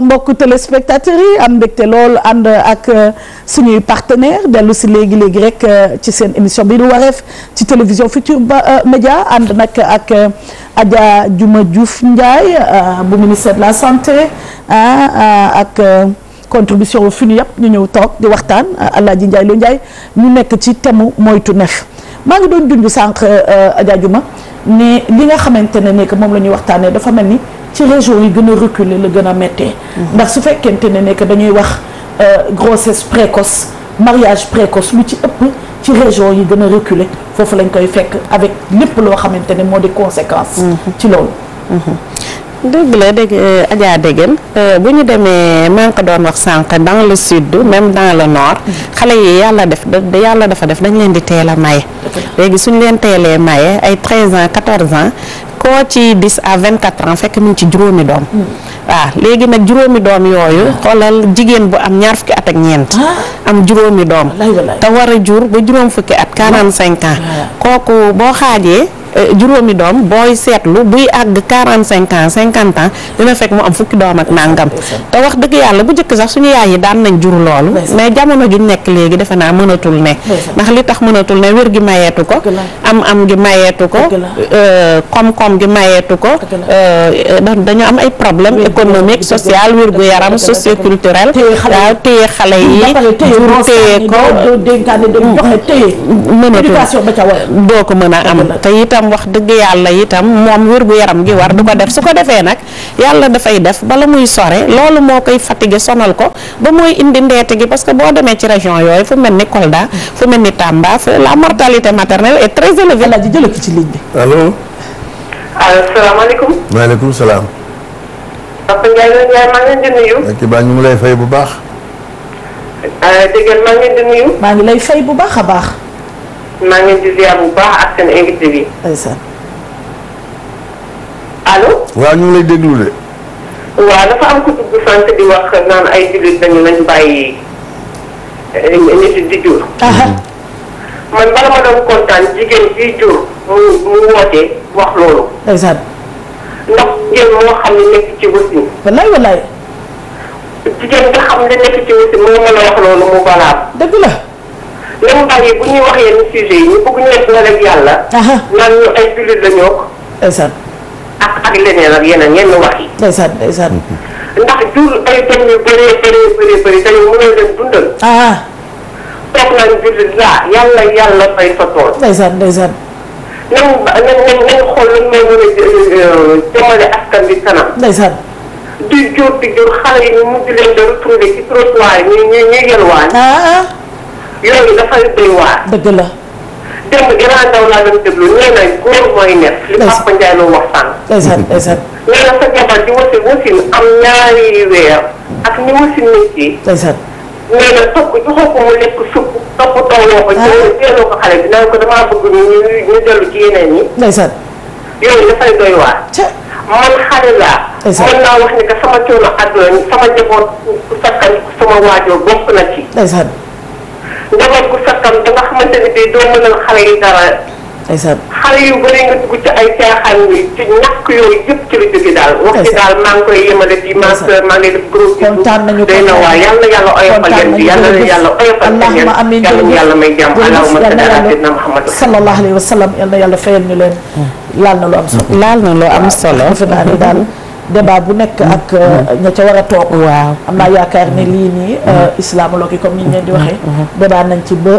mbokk téléspectateurs yi am mbégte lool ànd ak euh, suñuy partenaire dellu si léegi léegi rek euh, ci seen émission bi nu wareef ci télévision ba euh, Média ànd nag ak Adja Diouma Diouf Ndiaye bu ministère de la santé ah, ak contribution fini yëpp ñu ñëw toog di waxtaan Alaaji Ndiaye Lo Ndiaye ñu nekk ci temu moytu nef maa ngi doon junj sànq Adja Diouma ne li nga xamante ne nekk moom la ñuy waxtaanee dafa mel ni. ci région yi gën a reculer la gën a méttee mhm. ndax su fekkente ne nekk dañuy wax euh, grossesse précoce mariage précoce lu ci ëpp ci région yi gën a reculer foofu lañ koy fekk avec lépp loo xamante ne moo di conséquence mhm. ci loolu mhm. dëgg la dégg euh, Adja Degen euh, bu ñu demee maa ngi ko doon wax sànq dans le sud même dans la nord xale yi yàlla def da yàlla dafa def dañ leen di teel a maye léegi suñ leen teelee maye ay 13 ans 14 ans koo ci dix à vingt quatre ans fekk mu ngi ci juróomi doom. waaw léegi nag juróomi doom yooyu. Ah. xoolal jigéen bu am ñaar fukki at ak ñeent. Ah. am juróomi doom. te war a jur ba juróom fukki at quarante cinq kooku boo xaajee. Eh, juróomi doom booy seetlu buy àgg quarante cinq ans cinquante ans dina fekk mu am fukki doom ak nangam. te wax dëgg yàlla bu njëkk sax suñu yaay yi daan nañ jur loolu. mais jamono ju nekk léegi defe naa mënatul ne. ndax li tax mënatul ne wér gi mayeetu ko. am am gi mayeetu ko. Eh, koom-koom gi mayeetu ko. Eh, dañu am ay problème économique social wér gu yaram socioculturel. waaw téye xale yi jur téye ko. doo ko mën a am te itam itam wax dëgg yàlla itam moom wér gu yaram gi war du ko def su ko defee nag yàlla dafay def bala muy sore loolu moo koy fatigué sonal ko ba mooy indi ndeete gi parce que boo demee ci région yooyu fu mel ni Kolda fu mel ni Tamba la mortalité maternelle est très élevée. la ji ko ci ligne bi. allo. asalaamaaleykum. salaam. Papa Ndiaye Ndiaye baa bu baax. Euh, dégg ngi lay fay bu baax a baax. maa ngi leen bu baax ak seen invité bi. ndeysaan. allo. waaw ñu ngi lay déglu de. waaw dafa am ku dugg sant di wax naan ay jullit dañu nañ bàyyi eh, nit di jur. man bala ma doon kontaan jigéen jiy jur mu mu wootee wax loolu. ndeysaan. ndax jigéen moo xam ne nekk ci wëssin. wallaay wallaay. jigéen nga xam ne nekk ci wëssin moo mën a wax loolu mu balaa. dëgg la. même xale yi bu ñuy wax yenn sujet yi ñu bëgg ñu def rek yàlla. naan ñu ay jullit la ñoo ko. ndeysaan. ak ak leneen ak yeneen yenn wax yi. ndeysaan ndeysaan. ndax jur ay doom yu bëree bëree bëri bëri te ñu mënoo leen dundal. toog nañ jullit laa yàlla yàlla fay sa tool. ndeysaan ndeysaan. nañ nañ nañ xool lan mooy mën a jëmale askan bi kanam. ndeysaan. di jur di jur xale yi ñu mujj leen de retrouver ci trottoir yi ñuy ñuy yelwaan. yooyu dafay doy waar. dëgg la. démb Iran Ndao laa doon déglu nee na góor mooy nekk. li Papa Ndiaye la wax sànq. exact exact. nee na sa jabar di wasin wasin am ñaari ni mu lekk supp topp tolloo ko. waaw ah. teeloo ko xale bi naan ko damaa bëgg ñu ñu dellu ci yeneen yi. ndeysaan. yooyu dafay doy waar. man xale laa. mën naa wax ni que sama coono àdduna sama njaboot gu sakkan te nga xamante ne bii doo mënal xale yi dara. ndeysaan xale yu bëri nga dugg ci ay caaxaan yi ci ñàkk yooyu yëpp ci la jóge daal. wax ci daal maa ngi koy yemale fii maa maa ngi def gros bisou. kontaan nañu ko waaye yàlla yàlla oyofal leen bi yàlla yàlla oyofal leen yàlla yàlla yàlla may jàmm allahumma salli ala sayyidina Muhammad sallallahu alayhi wa sallam yàlla yàlla fayal ñu leen. Hmm. laal na lu am solo laal na lu am solo. daal. débat bu nekk mm. ak euh, mm. ña ca war a toog waaw am naa yaakaar ne mm. lii nii euh, islamologue yi comme ni ñu leen di waxee débat nañ ci ba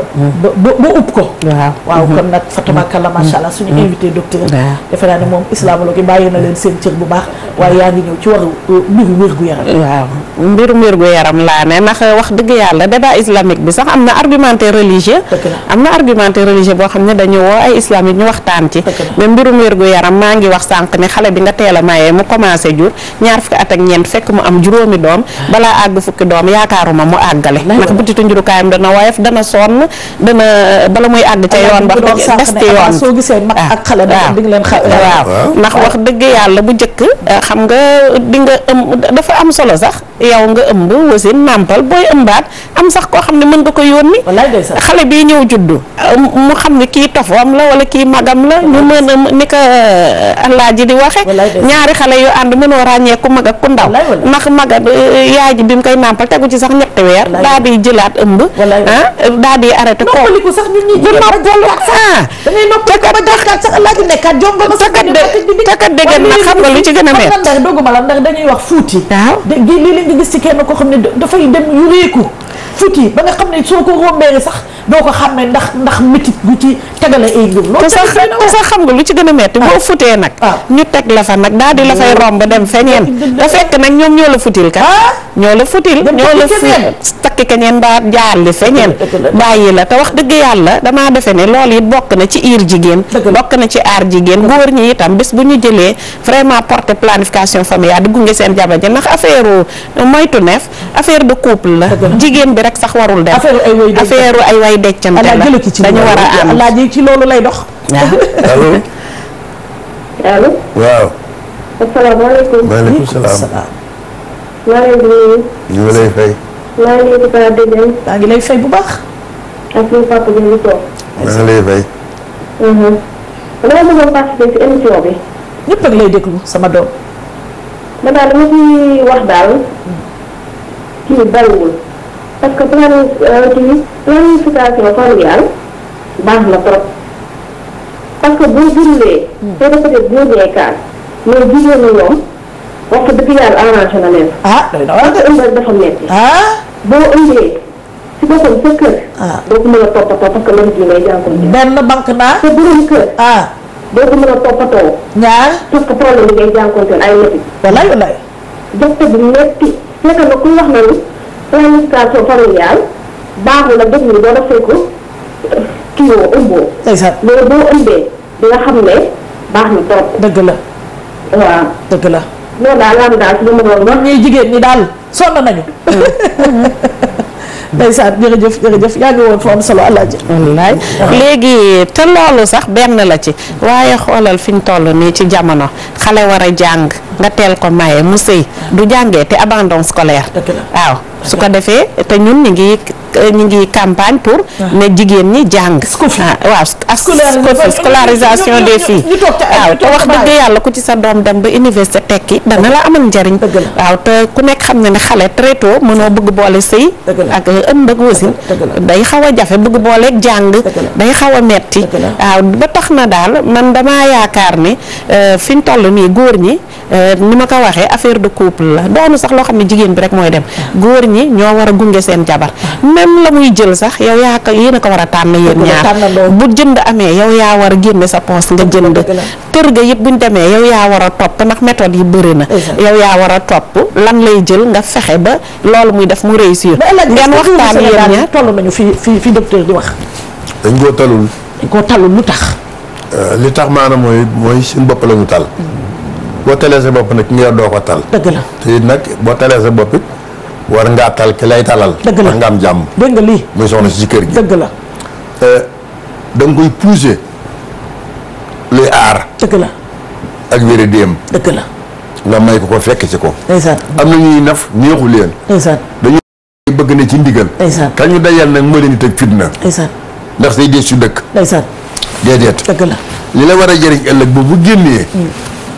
ba upp ko waaw waaw mm-hmm. kon nag fatamakala macha allah suñu invité docteur defe naa ne moom islamologue yi bàyyi na leen seen cër bu baax waaye yaa ngi ñëw ci waru euh, mbiru wér-gu-yaram waaw mbiru wér-gu-yaram laa ne ndax wax dëgg yàlla débat islamique bi sax am na argumentaire religieux am na argumentaire religieux boo xam ne dañu woo ay islamique ñu waxtaan ci mais mbirum yaram maa ngi wax sànq ne xale bi nga teel a mayee mu jur ñaar fukki at ak ñeent fekk mu am juróomi doom balaa àgg fukki doom yaakaaruma mu àggale ndax butitu njurukaayam dana woyof dana sonn dana bala muy àgg ca yoon ba des ci yoon soo gisee mag ak xale ah. da di nga leen ah. waaw ndax wax dëgg yàlla bu njëkk eh, xam nga di nga ëmb dafa am solo sax yow nga ëmb wasin nàmpal booy ëmbaat am sax koo xam ne mën nga ko yónni xale bii ñëw juddu eh, mu xam ne kii tofam la wala kii magam la ñu mën a ni ko eh, allah ji di waxe ñaari xale yu ànd mënoo ràññee ku mag ak ku ndaw ndax mag eh, yaay ji bi mu koy nàmpal tegu ci sax ñetti weer daa di jëlaat ëmb ah daa di arrêté ko noppaliku sax ñun ñuy jël ak jël ak ah takat takat dégg na xam nga lu ci gën a metti doguma la ndax dañuy futi ba nga sax doo ko xam ne ndax ndax métit bu ci tegale ay ngëm loolu te sax xam nga lu ci gën a metti boo ah. futee nag ah. ñu teg la fa nag daal la fay ah. romb dem feneen te fekk nag ñoom ñoo la futil ka ñoo la futil ñoo la takki keneen mbaa jaalli feneen bàyyi la te wax dëgg yàlla damaa defe ne loolu it bokk na ci iir jigéen bokk na ci aar jigéen góor ñi itam bés bu ñu jëlee vraiment porté planification familiale di gunge seen jabar ji ndax affaire moytu neef affaire de couple la jigéen bi rek sax warul dem affaire ay way deccante la dañu war a am laaj yi ci loolu lay dox waaw allo waaw asalaamaaleykum maaleykum salaam maa ngi leen di nuyu ñu lay fay maa ngi leen di baax dégg maa ngi lay fay bu baax ak suñu papa bi ñu toog maa ngi lay fay mhm. dama bëggoon participer ci émission bi ñëpp ak lay déglu sama doom man daal dama ci wax daal mm. kii bariwul parce que planification euh, planification familiale baax na trop parce que boo jurulee. soo ko defee boo ñëwee kaar mais jigéen ñi na leen. ah day doon parce que ëmbal dafa metti. ah boo ëmbee si boppam sa kër. ah doo ko mën a toppatoo parce que loolu ji ngay jànkuwante. benn banque naa. sa borom kër. ah doo ko mën a toppatoo. ñaar parce que problème bi ngay jànkuwante ay métti. walaay walaay. jafe bi metti fekk na ku wax na ni. planification familiale baaxul ak loolu boo nga xam ne baax na trop. dëgg la. waaw dëgg la. loolu daal laa daal ñuy jigéen ñi daal solo nañu. Mm-hmm. ndeysaan jërëjëf jërëjëf yaa ngi woon fu am solo alaaji wallaay ah. léegi te loolu sax benn la ci waaye xoolal fi ñu toll nii ci jamono xale war a jàng nga teel ko maye mu sëy du jàngee te abandon scolaire waaw su ko defee te ñun ñu ngi ñu ngi campagne pour ah. ne jigéen ñi jàng ah, waaw ak scolarisation des filles waaw te wax dëgg yàlla ku ci sa doom dem ba université tekki dana la amal njariñ waaw te ku nekk xam na ne xale très tôt mënoo bëgg boole sëy ak ëmb ak wasin day xaw a jafe bëgg booleeg jàng day xaw a metti waaw ba tax na daal man dama yaakaar ne euh, fi ñu toll nii góor ñi euh, ni ma ko waxee affaire de couple la doonu sax loo xam ne jigéen bi rek mooy dem ah. ñi ñoo war a gunge seen jabar même la muy jël sax yow yaa ko yéen a ko war a tànn yéen ñaar bu jënd amee yow yaa war a génne sa poos nga jënd kër ga yëpp buñ demee yow yaa war a topp ndax méthode yi bëri na yow yaa war a topp lan lay jël nga fexe ba loolu muy def mu réussir ngeen waxtaan yéen ñaar toll nañu fi fi fi docteur di wax dañ koo talul dañ koo talul lu tax euh, li tax maanaam mooy mooy suñu bopp la ñu tal mm. boo talee sa bopp nag ki nga doo ko tal dëgg la te nag boo talee war ngaa tal ki lay talal. dëgg la nga am jàmm. dégg nga lii muy soxna si kër gi. dëgg la. Euh, da nga koy pousser la. ak wér déem. dëgg la. nga may ko ko fekk ci ko. ndeysaan am na ñuy naf ñeexu leen. ndeysaan dañuy bëgg na ci ndigal. ndeysaan kañ ñu dajal nag moo leen di teg fitna. ndeysaan ndax day dee su dëkk. ndeysaan déedéet. dëgg la li la war a jëriñ ëllëg bu bu génnee. Mm.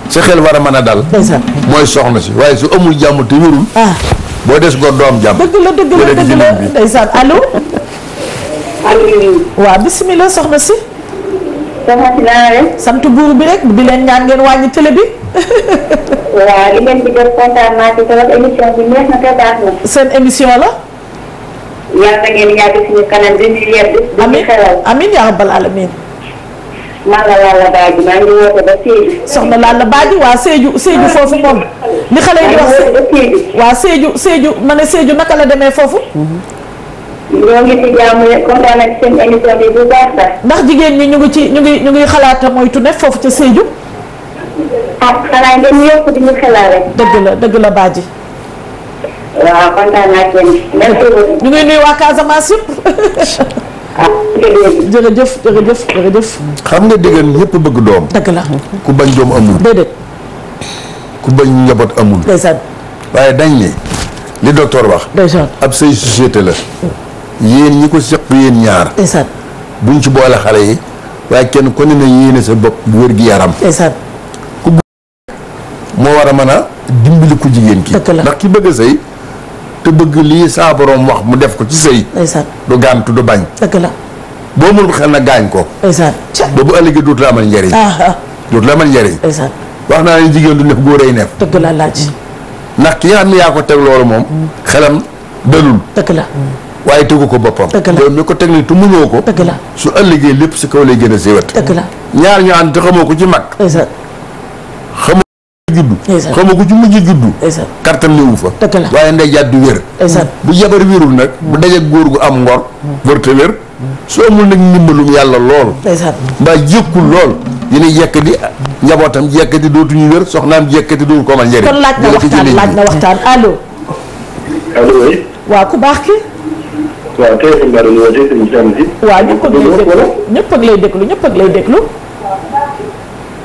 sa xel war a mën a dal. ndeysaan mooy soxna si waaye su amul jàmm te wérul. Ah. boo des góor doo am jàmm. dëgg la dëgg la dëgg la ndeysaan allo. allo. waaw bisimilah soxna si. soxna si naa leen. sant buur bi rek di leen ñaan ngeen wàññi télé bi. waaw li ngeen di def kontaan naa ci trop émission bi neex na te baax na. seen émission la. yàlla na ngeen yàgg suñu kanam di ñu yedd. amiin amiin yaa rabbal alamin man la Lalla Badji maa ngi woote ba Sédhiou. soxna Lalla Badji waa Sédhiou Sédhiou foofu moom. li xale yi di wax waaw Sédhiou Sédhiou ma ne naka la demee foofu. ndax jigéen ñi ñu ngi ci ñu ngi ñu ngi xalaata moytu ne foofu ca Sédhiou. ah xanaa dëgg la dëgg la Badji. waaw ñu ngi nuyu waa Casamance jërëjëf jërëjëf jërëjëf. xam nga déggan ñëpp bëgg doom. dëgg la ku bañ doom amul. déedéet. ku bañ njaboot amul. ndeysaan. waaye dañ ni li docteur wax. ndeysaan ab say société la. yéen ñi ko seq yéen ñaar. ndeysaan. buñ ci boole xale yi waaye kenn ku ne na yéene sa bopp wér gi yaram. ndeysaan. moo war a mën a dimbali ku jigéen ki. ndax ki bëgg a te bëgg lii saa borom wax mu def ko ci sëy du gàntu du bañ dëgg la boo xel na gaañ ko ba bu ëllëgee dootu la amal njëriñ ah, ah. dootu la amal njëriñ wax naa ne jigéen du neef góor ay neef dëgg la laaj ndax ki nga xam ne yaa ko teg loolu moom mm. xelam dalul la mm. waaye tegu ko boppam yow mi ko teg ni tu ko dëgg la su ëllëgee lépp si kaw lay gën a la ñaar ñu ànd te xamoo ko ci mag juddu xaw ma ku ci mujj juddu kartal léewu fa waaye ndey jaat wér bu jabar wérul nag bu mm. dajeek góor gu am ngor wërte wér mm. su amul nag ndimbalum yàlla lool mbaa jékkul lool yéen yekk di ah, njabootam jekkati dootuñu wér soxnaam jekkati dootu ko amal njëriñ kon laaj na waxtaan laaj na waxtaan allo ku baax ki waaw téléphone baa doon déglu ñëpp ak lay déglu ñëpp ak lay déglu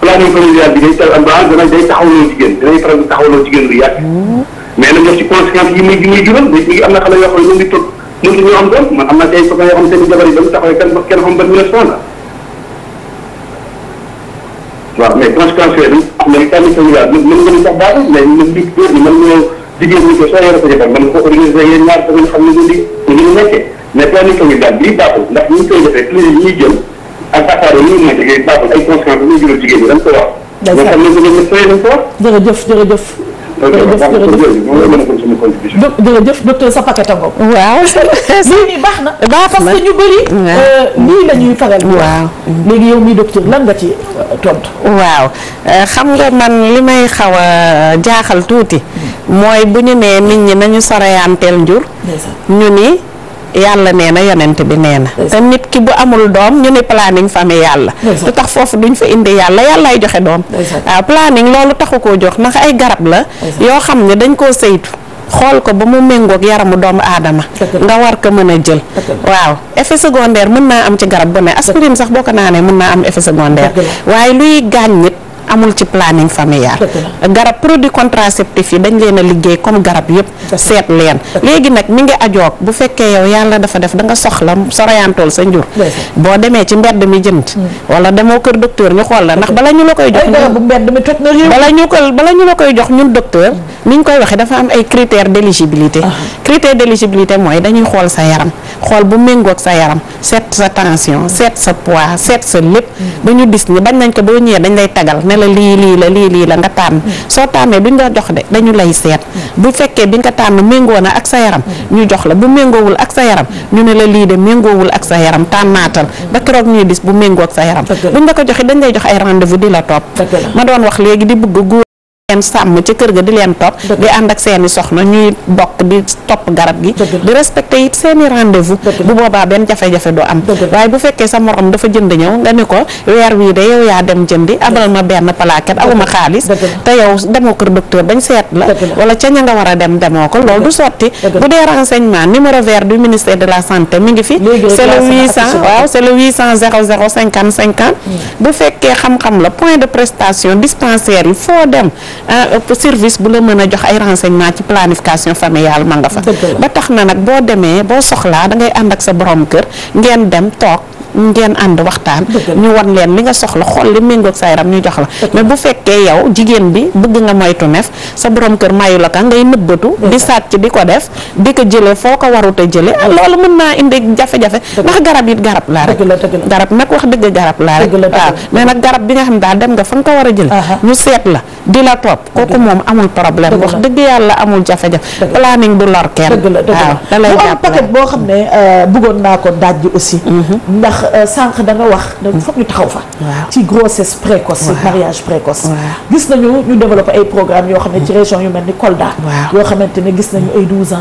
planning familial bi day taw am baax dana day taxawloo jigéen danay faral di taxawloo jigéen lu yàgg. mais nag def ci conséquence yi muy yi muy jural nit ñi am na xale yoo xam ne ñu ngi toog mënut ñoo am doom man am na tey copain yoo xam seen jabar yi ba mu taxawee kenn kenn xam ban mille cent la. waaw mais conséquence yooyu am na planning familial bi mën nga ñu sax baaxul mais ñun nit góor ñi mën ñoo jigéen ñi ko soo yore ko jabar mën nga ko organiser yéen ñaar sax nga xam ne ñu ngi ñu ngi nekkee mais planning familial bii baaxul ndax ñu ngi koy defee toujours ñuy jël ak taxawaay yi ko wax. jërëjëf jërëjëf. jërëjëf jërëjëf jërëjëf docteur sa paquet a waaw. lii nii baax na. baax na parce que ñu bëri. Euh, lii la ñuy faral. waaw léegi yow mii docteur lan nga ci euh, tontu. waaw euh, xam nga man li may xaw a jaaxal tuuti. Hmm. mooy bu ñu nee nit ñi nañu soreyanteel njur. ñu ni. yàlla nee na yonent bi nee na te nit ki bu amul doom ñu ne planning famille yàlla lu tax foofu duñ fa indi yàlla yàllaay joxe doom waaw ah, planning loolu taxu koo jox ndax ay garab la yoo xam ne dañ ko saytu xool ko ba mu méngoog yaramu doomu aadama nga war ko mën a jël waaw effet secondaire mën naa am ci garab bu ne aspirine sax boo ko naanee mën naa am effet secondaire waaye luy gaañ nit amul ci planning familial garab produit contraceptif yi dañ leen a liggéey comme garab yëpp seet leen léegi nag mi ngi ajoog bu fekkee yow yàlla dafa def da nga soxla soroyantool sa njur boo demee ci mbedd mi jënd mm. wala demoo kër docteur ñu xool la ndax bala ñu la koy jox bala ñu ko bala ñu la koy jox ñun docteur mm. ni ñu koy waxee dafa am ay critères d'éligibilité ah. critère d'éligibilité mooy dañuy xool sa yaram xool bu méngook sa yaram seet sa tension seet sa poids seet sa lépp mm. ba ñu dis ni bañ nañ ko boo ñëwee lay tagal ne la lii lii la lii lii la nga tànn soo tànnee duñ la jox de dañu lay seet bu fekkee bi nga tànn méngoo na ak sa yaram ñu jox la bu méngoowul ak sa yaram ñu ne la lii de méngoowul ak sa yaram tànnaatal ba keroog ñuy bis bu méngoo ak sa yaram buñ la ko joxee dañ lay jox ay rendez-vous di la topp ma doon wax léegi di bëgg leen sàmm ci kër ga di leen topp di ànd ak seeni soxna ñuy bokk di topp garab gi di respecté it seeni rendez bu boobaa benn jafe-jafe doo am waaye bu fekkee sa morom dafa jënd ñëw nga ne ko weer wii de yow yaa dem jëndi abal ma benn plaquette awuma xaalis te yow demoo kër docteur bañ seet la wala ca nga war a dem demoo ko loolu du sotti bu dee renseignement numéro vert ministère de la santé mi ngi fi c'est le 800 waaw c'est le 800 00 50 Ah, service bu la mën a jox ay renseignement ci planification familiale ma nga fa ba tax na nag boo demee boo soxlaa da ngay ànd ak sa borom kër ngeen dem toog ngeen ànd waxtaan ñu wan leen li nga soxla xool li méngoog sa yaram ñu jox la mais bu fekkee yow jigéen bi bëgg nga moytu nef sa borom kër mayu la ka ngay nëbbatu di sàcc di ko def di ko jële foo ko warut a jële loolu mën naa indi jafe-jafe ndax garab yi garab laa rek garab nag wax dëgg garab laa rek waaw mais nag garab bi nga xam daal dem nga fa nga ko war a jële ñu seet la di la topp kooku moom amul problème wax dëgg yàlla amul jafe-jafe planning du lor kenn waaw da lay jàppale paquet boo xam ne euh, bëggoon naa ko daaj aussi mhm. ndax Euh, sànq da nga wax. donc foog ñu taxaw fa. ci grossesse précoce. ci mariage précoce. gis nañu ñu développé ay programme yoo xam ne ci région yu mel ni Kolda. yoo xamante ne gis nañu ay 12 ans.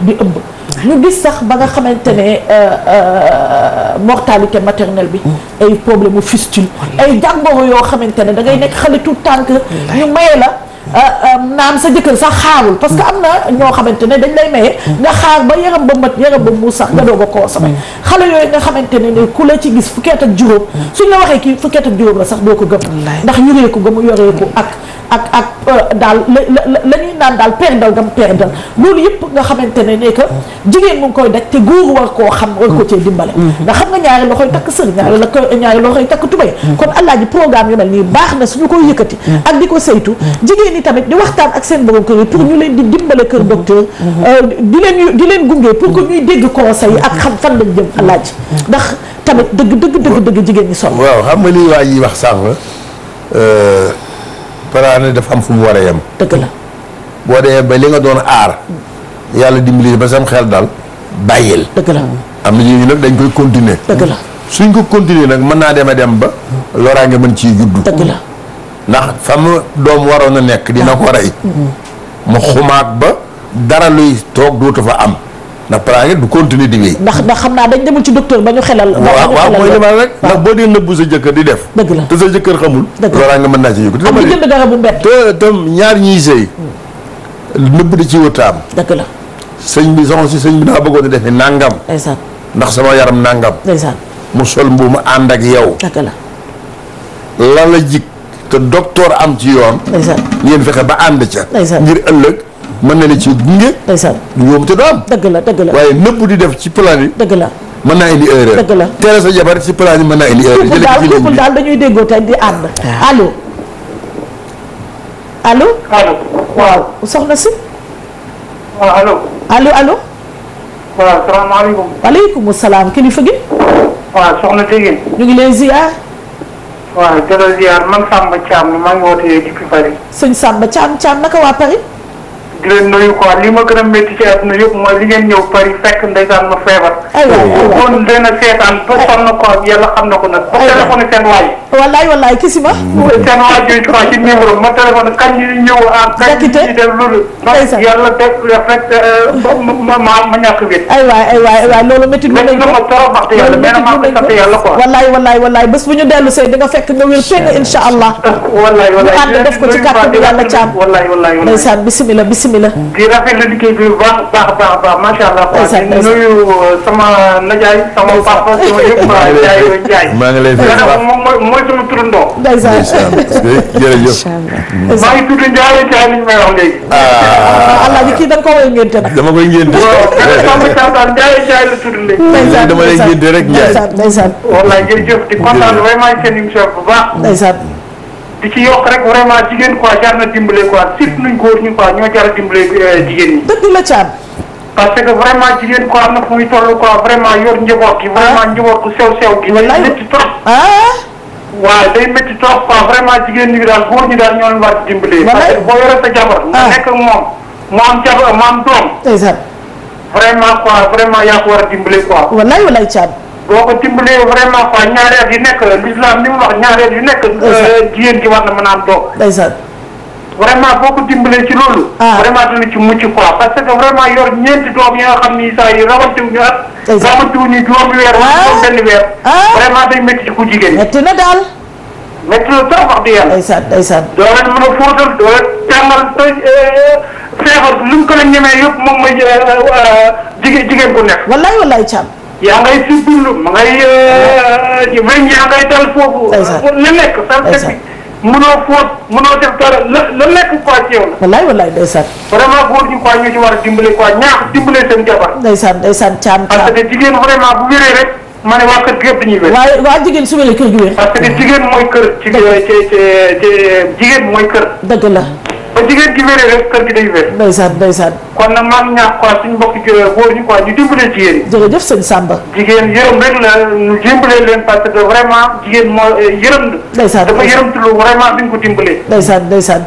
di ëmb. ñu gis sax ba nga xamante ne euh, euh, mortalité maternelle bi. Mm. ay problème mu fistule. ay jàngoro yoo xamante ne da nekk xale tout tànk ñu maye naam euh, euh, sa jëkkër sax xaarul parce que am na ñoo xamante ne dañ lay maye nga xaar ba yaram ba mat yaram ba muus sax nga doog a koo samay xale yooyu nga xamante ne ne la gis fukki at ak juróom suñ la waxee kii fukki sax doo ko gëm ndax yuree ko gëmu ko ak ak ak euh, daal la la ñuy naan daal perdal gam perdal loolu nga xamante ne ne que jigéen mu koy daj te góor war koo xam war ko cee dimbale mm-hmm. nga xam nga ñaari loxoy takk sër ñaari la ko ñaari loxoy takk tubay mm-hmm. kon allah ji programme yu nii baax na suñu koy yëkkati mm-hmm. ak di ko saytu jigéen tamit di waxtaan ak seen borom kër yi pour ñu leen di dimbale kër docteur euh, di leen di leen gunge pour ko ñuy dégg conseil ak xam fan lañ jëm alaaj ndax tamit dëgg dëgg dëgg dëgg jigéen ñi sonn waaw xam nga li waa yi wax sànq parane euh, daf am fu mu war a yem dëgg la boo dee ba li nga doon aar yàlla dimbali ba sam xel daal bàyyil dëgg la am na ñu nag dañ koy continuer dëgg la suñ ko continuer nag mën naa dem a dem ba loraange mën ciy juddu dëgg ndax fa mu doom waroon a nekk dina ko rey mu xumaat ba dara luy toog dootu fa am ndax plan yi du continuer di wéy ndax ndax xam naa dañ demul ci docteur ba ñu xelal waaw waaw mooy limal rek ndax boo dee nëbbu sa jëkkër di def dëgg la te sa jëkkër xamul loolaa nga mën naa ci yëg ak di jënd dara bu mbett te tam ñaar ñiy sëy nëbb di ci wëtaam dëgg sëñ bi soxna si sëñ bi daa bëggoon a defe nàngam ndeysaan ndax sama yaram nàngam ndeysaan mu sol mbuuma ànd ak yow dëgg la la te docteur am ci yoon. ngeen fexe ba ànd ca. ngir ëllëg mën na la ci gunge. ñoom te du am. dëgg la dëgg la waaye nëpp di def ci plan yi. dëgg la. mën naa indi erreur dëgg la teel sa jabar ci plan yi mën naa indi erreur. jëlee ci ligne bi daal dañuy déggoo tey di ànd. alo ah. allo. allo waaw soxna si. waaw allo. allo allo. waaw salaamaaleykum. waaleykum salaam ñu ngi lay ziar. waaw jërëjëf man Samba Thiam maa ngi wootee depuis Paris. sëñ Samba Thiam Thiam naka waa Paris. di leen nuyu quoi li ma gën a métti ci àdduna yëpp mooy li ngeen ñëw Paris fekk ndeysaan ma feebar. kon leen a seetaan ba sonn ko yàlla xam na ko nag. ba téléphoné seen waay. wallaay wallaay kisi ma. seen waay jooju quoi ci numéro ma téléphone kañ ñu ñëw ah. kañ ñu def loolu. yàlla def rek euh, ma ma ma ñàkk bi. aywaay aywaay aywaay loolu métti lu nañ ko ma trop wax yàlla mais nag maa ngi sant yàlla quoi. wallaay wallaay wallaay bés bu ñu dellu see di nga fekk nga wér peng incha allah. wallaay wallaay ñu ànd def ko ci kàttan yàlla caam. wallaay wallaay ndeysaan bisimilah bisimilah bisimilah. di rafetlu liggéey bi baax baax baax baax macha allah. di nuyu uh, sama najaay sama papa sama yëpp maa ngi lay fay maa ngi lay fay mooy mooy sama turandoo. ndeysaan jërëjëf. maa ngi tudd Ndiaye Ndiaye li ñu may wax léegi. ah allah ji kii da nga ko woy ngénte nag. dama koy ngénte. waaw kenn sama taataan Ndiaye Ndiaye la tudd léegi. ndeysaan dama lay ngénte rek Ndiaye. ndeysaan ndeysaan. wallaay jërëjëf di kontaan vraiment seen émission bu baax. ndeysaan. di ci yokk rek vraiment jigéen quoi jar na dimbale quoi surtout nuñ góor ñi quoi ñoo jar a dimbale euh, jigéen ñi. dëgg la Thiam. parce que vraiment jigéen quoi am na fu muy toll vraiment yor njaboot gi. vraiment ah. njaboot ku sew sew gi. wallaay métti trop. Ah. waaw day métti trop quoi vraiment jigéen ñi daal góor ñi daal ñoo leen war di dimbale. parce que boo yore sa jabar. nga ah. nekk ak moom mu am jabar mu am doom. vraiment ko war a dimbale quoi. boo ko dimbalee vraiment quoi ñaareel yu nekk l'islam li mu wax ñaareel yu nekk. Euh, jigéen ji war na mën a am doom. ndeysaan. vraiment boo ko dimbalee ci loolu. Ah. vraiment dina ci mucc quoi parce que vraiment yor ñeenti doom yi nga xam ni saa yi rawantiwuñu at. rawantiwuñu juróomi weer. Ah. waaw benn weer. Ah. vraiment day métti ci ku jigéen. métti na daal. métti na trop wax dëgg yàlla. a fóotal doo leen tàngal te euh, euh, feebar lu mu ko la ñemee yëpp moom mooy ku nekk. wallaay wallaay Thiam. yaa ngay sibbilu ma ngay euh, weñ yaa ngay dal foofu la nekk salte bi mënoo fóot mënoo def dara la la nekk quoi ci yow la wallaay wallaay ndeysaan vraiment góor ñi quoi ñu ci war a dimbale quoi ñaax dimbale seen jabar ndeysaan ndeysaan caam caam parce que jigéen vraiment bu wéree rek ma ne waa kër gi yëpp dañuy wér waaye waa jigéen su wéree jigéen mooy kër ci ci ci jigéen mooy kër dëgg la ba jigéen gi wéree rek kër gi day wér. ndeysaan ndeysaan. kon nag maa ngi ñaax quoi suñu mbokk yi góor ñi quoi ñu dimbale jigéen yi. jërëjëf Samba. jigéen yërëm rek la leen parce que vraiment jigéen moo eh, yërëm. ndeysaan dafa yërëm tullu vraiment bi ñu ko dimbalee. ndeysaan ndeysaan.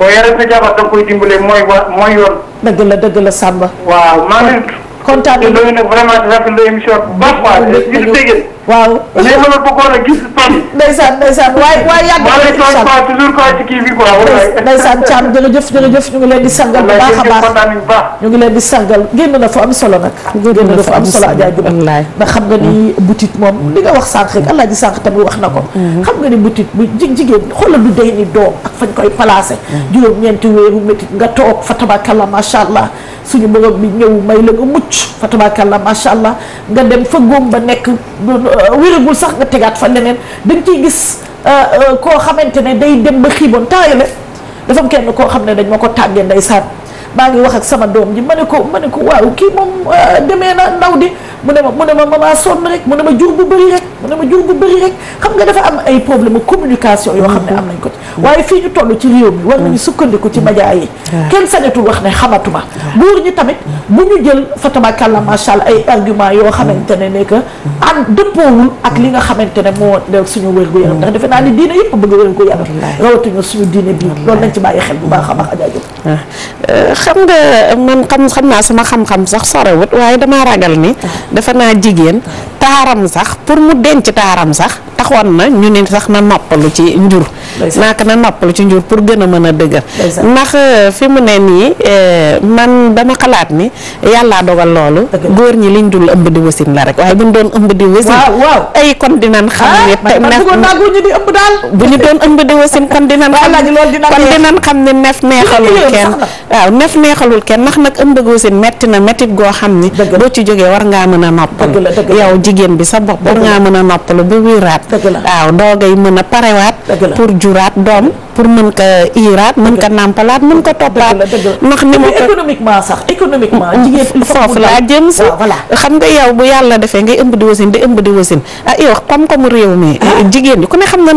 boo yore sa jabar da nga koy dimbalee mooy wa mooy yoon. dëgg la dëgg Samba. waaw maa ngi. kontaan nañu te loolu nag vraiment rafetlu émission bu baax quoi. waaw mais ma la bëggoon a gis Pape. ndeysaan ndeysaan waaye waaye yàgg nañu ko incha allah toujours quoi ci ñu ngi leen di sangal bu baax a baax ñu ngi leen di sangal génn na fa am solo nag. génn na am solo Adja xam nga ni mm-hmm. boutique moom li nga wax sànq rek mm-hmm. allah ji sànq tamit wax na ko. Mm-hmm. xam nga ni boutique bu jigéen xoolal lu day ni doom ak fañ koy placé. juróom-ñeenti wéeru métit nga toog fa tabakalla macha allah suñu borom bi ñëw may la nga mucc fa tabakalla macha allah nga dem fa góom ba nekk wéragul sax nga tegaat fa leneen dañ ciy gis euh, euh, koo xamante ne day dem ba xiiboon taayale dafa kenn koo xam ne dañ ma ko tàggee ndeysaan maa ngi wax ak sama doom ji ma ne ko ma ne ko waaw kii moom euh, demee na ndaw di mu ne ma mu ne ma mamaa sonn rek mu ne ma jur bu bari rek mu ne ma jur bu bëri rek xam nga dafa am ay problème communication yoo xam ne am nañ ko ci mm-hmm. waaye fii ñu toll ci réew mi war nañu mm-hmm. sukkandiku ci média yi mm-hmm. kenn sañatul wax ne xamatuma góor ñi tamit bu ñu jël fatabakàlla macha allah ay argument yoo xamante ne ne que an dëppoowul ak li nga xamante ne moo de suñu wér-gu-yaram ndax defe naa ni diine yëpp bëgg wér-gu-yaram rawatuñu suñu diine bi loolu nañ ci bàyyi xel bu baax a baax ajaajo ah. euh, xam nga man xam xam naa sama xam-xam sax sorewut waaye dama ragal nii ah. dafa naa jigéen taaram sax pour mu denc taaram sax taxoon na ñu ne sax na noppalu ci njur naaka na noppalu ci njur pour gën a mën a dëgër ndax euh, fi mu ne nii euh, man dama xalaat ni yàllaa dogal loolu góor ñi liñ dul ëmb di wasin la rek waaye bu ñu doon ëmb di wasin ay kon dinañ ah, xam ne bu ñu doon ëmb di wasin kon dinañ xam kon dinañ xam ne nef neexalul kenn waaw nef neexalul kenn ndax nag ëmb di wasin metti na mettit goo xam ni boo ci jógee war ngaa mën a noppalu yow jigéen bi sa bopp war ngaa mën a noppalu bu wiraat waaw doogay mën a parewaat pour juraat doom pour mën ko iiraat mën ko nàmpalaat mën ko toppaat ndax ni ma ko économiquement sax mm, foofu laa jëm si xam nga yow bu yàlla defee ngay ëmb di wasin di ëmb di wasin ah yow koom-koomu réew mi ah. eh, ku ne xam na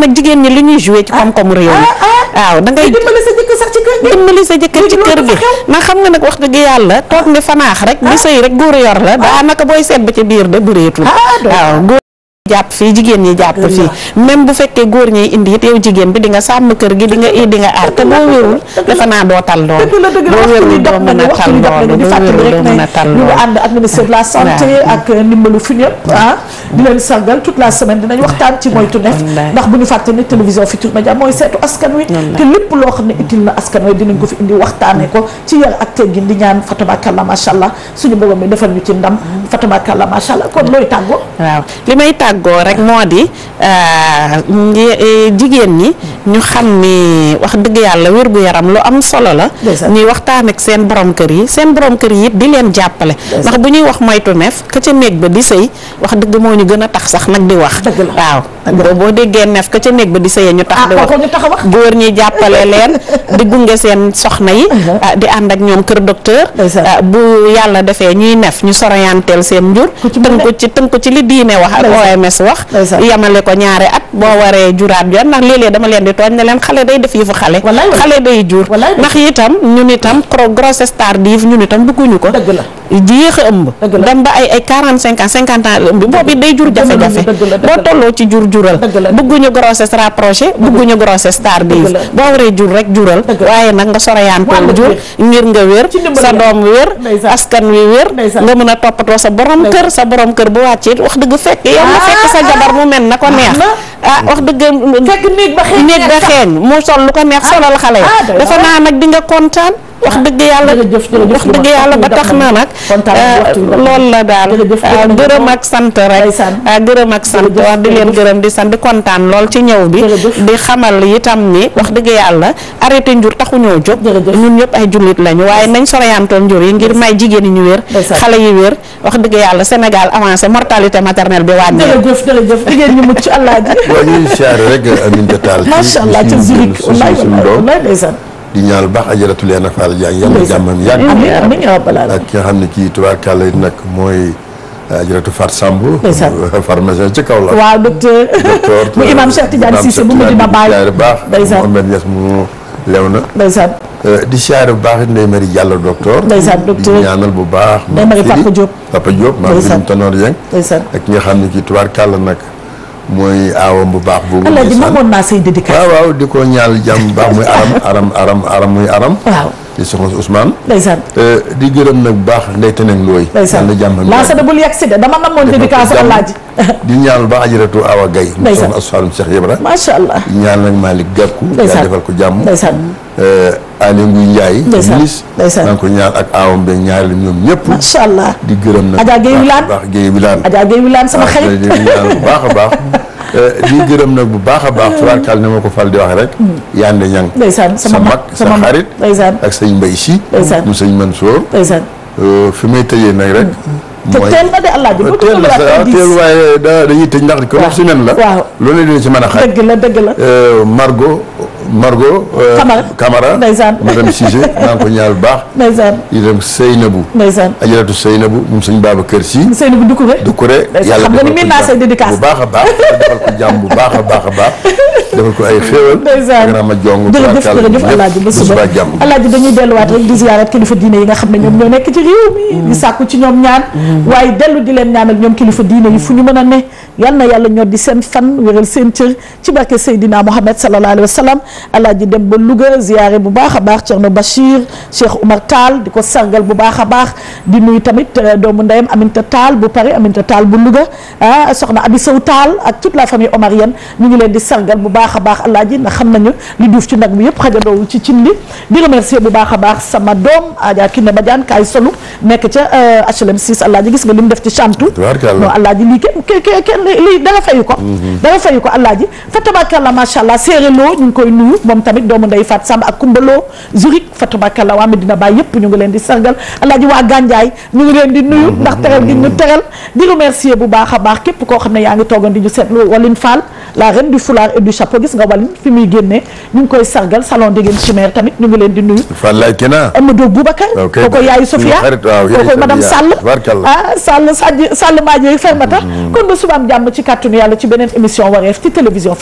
li ñuy joué ci ah. koom-koomu réew mi ah, waaw da ngay sa jëkkër sax ci kër gi dimbali xam nga nag wax dëgg yàlla toog ne fanaax rek di sëy rek góor yor la daanaka booy seet ba ci biir de bëreetul waaw jàpp fii jigéen ñi jàpp fii même bu fekkee góor ñi indi it yow jigéen bi di nga sàmm kër gi di nga i di nga aar te boo wérul defe naa doo tal loolu a loolu doo wérul doo mën a tal la santé ak ah. allah suñu borom mi defal ñu ci ndam fatabakallah macha allah kon looy tàggoo waaw li may tàggoo tàggoo rek moo di euh, euh, jigéen ñi ñu xam ni wax dëgg yàlla wér gu yaram lu am solo la ñuy waxtaan ak seen borom kër yi seen borom kër yi it di leen jàppale ndax bu ñuy wax moytu neef ka ca néeg ba di sëy wax dëgg moo ñu gën a tax sax nag di wax waaw boo boo déggee neef ka ca néeg ba di sëyee ñu tax di ah, ah, wax góor ñi jàppale leen di gunge seen soxna yi uh-huh. ah, di ànd ak ñoom kër docteur bu yàlla defee ñuy neef ñu soroyanteel seen njur tënku ci tënku ci li diine wax ak OMS Gomes wax yamale ko ñaari at boo waree juraat yoon ndax léeg-léeg dama leen di tooñ ne leen xale day def yëfu xale xale day jur ndax itam ñun itam grossesse tardive ñun itam bëgguñu ko yéex a ëmb dem ba ay ay quarante cinq cinquante ans ëmb boobu day jur jafe-jafe boo tolloo ci jur jural bëgguñu grossesse rapprochée bëgguñu grossesse tardive boo waree jur rek jural waaye nag nga soroyaantoo jur ngir nga wér sa doom wér askan wi wér nga mën a toppatoo fekk sa jabar mu mel na ko neex ah wax dëgg néeg ba xeeñ mu sol lu ko neex ah, solal xale yi ah, dafa naa nag di nga kontaan wax dëgg yàlla wax dëgg yàlla ba tax na euh, nag loolu la daal euh, euh, gërëm ak sant rek gërëm ak sant wax di leen gërëm di sant di kontaan lool ci ñëw bi di xamal itam ni wax dëgg yàlla arrêté njur taxu ñoo jóg ñun ñëpp ay jullit lañu waaye nañ soroyantoon njur yi ngir may jigéen yi ñu wér xale yi wér wax dëgg yàlla Sénégal avancé mortalité maternelle bi wàññi jërëjëf jërëjëf jigéen ñu mucc allah ji waaye ñuy di ñaanal baax ajaratu Leena Fall Diagne yàlla jàmmam yàgg ak ki nga xam ne kii tubaarkàlla yi nag mooy euh, ajaratu Fat Samb euh, pharmacien ci kaw la waaw docteur docteur mu imaam Cheikh Tidiane Cissé bu mu dina bàyyi baax ndeysaan Mohamed Niass mu lew na ndeysaan euh, di siyaare bu baax Ndeye Marie Diallo docteur ndeysaan docteur di ñaanal bu baax Ndeye Marie Papa Diop Papa Diop maa ngi Tanoor Dieng ak ki nga xam ne kii tubaarkàlla nag mooy aawam bu baax boobu. alaaji mamoon naa say dédicace. waaw waaw di ko ñaal jàmm bu baax muy aram aram aram muy aram. di soxna si Ousmane. Euh, di gërëm nag bu baax ndey teneen looy. ndeysaan yàlla jàmm lancé de bul yegg si de dama namoon dédicace alaaji. di ñaanal ba ajiratu Awa Gaye. ndeysaan mu soxna Asfaarum Cheikh Yebra. macha allah ñaanal nag Malick Gakou. ndeysaan yaa ko jàmm. ndeysaan euh, Aly Ngouille Ndiaye. ndeysaan ndeysaan maa ngi ko ñaan ak aawam beeg ñaareel ñoom ñëpp. macha allah di gërëm nag. Adja Guèye Wilane baax Guèye Wilane. Adja Guèye Wilane sama ah, xarit. baax a baax Euh, di gërëm nag bu baax a baax tubaarkaal ni ma ko fal di wax rek hmm. yaande ñang ndeysaan sama mag sa xarit ak sëñ Mbay Si ndeysaan mu sëñ Mansour ndeysaan euh, fi may tëjee nag rek hmm. mooy teel na de allah ji euh, teel waaye da dañuy tëj ndax ko si nen la waaw loolu dina ci man a xaj dëgg la dëgg la Margot Margot. Euh, Camara Camara. ndeysaan madame Cissé maa ngi ko ñaanal baax. ndeysaan itam Seynabou. ndeysaan ajaratu Seynabou moom suñu Babacar Si. Seynabou Doucouré. Doucouré yàlla defal ko bu baax a baax defal ko jàmm bu baax a baax a baax. defal ko ay xéewal. ndeysaan nga naan jong. jërëjëf jërëjëf Alaaji ba suba Alaaji dañuy delluwaat rek di ziyaarat kilifa diine yi nga xam ne ñoom ñoo nekk ci réew mi. Mm. di sàkku ci ñoom ñaan. Mm. waaye dellu di leen ñaanal ñoom kilifa diine yi fu ñu mën a ne yal na yàlla ñoo di seen fan wéral seen cër ci barke Seydina Mohamed sallallahu alayhi wa sallam alaaji dem ba Louga ziyaare bu baax a baax Thierno Bachir Cheikh Oumar Tall di ko sargal bu baax a baax di nuyu tamit euh, doomu ndeyam Aminta Tall bu Paris Aminta Tall bu Louga ah soxna Abi Sow Tall ak toute la famille omarienne ñu ngi leen di sargal bu baax a baax alaaji na xam nañu li duuf ci nag bi yëpp xajandoowul ci cin li di remercier bu baax a baax sama doom Adja Kiné Badiane kaay solu nekk ca euh, HLM 6 alaaji gis nga li mu def ci chantu non alaaji lii kenn kenn lii dara fayu ko mm-hmm. dara fayu ko alaaji fa tabaarkalla macha allah séeréloo Diouf moom tamit doomu nday Fat Samb ak Kumbaloo Zurich Fatou Bakala waa Medina Baye yëpp ñu ngi leen di sargal alaaji waa Gandiaye ñu ngi leen di nuyu mhm, ndax teral gi ñu mhm. teral di remercier bu baax a baax képp koo xam ne yaa et du chapeau gis nga Waline fi muy génnee ñu ngi koy sargal salon Déguène Chimère tamit ñu ngi leen di nuyu Fallaye Kena Amadou Boubacar kooko yaayu Sofia kooko madame Sall ah Sall Sadji Sall Madieye fermata mhm. kon ba subaam jàmm ci kàttanu yàlla ci beneen émission wareef ci télévision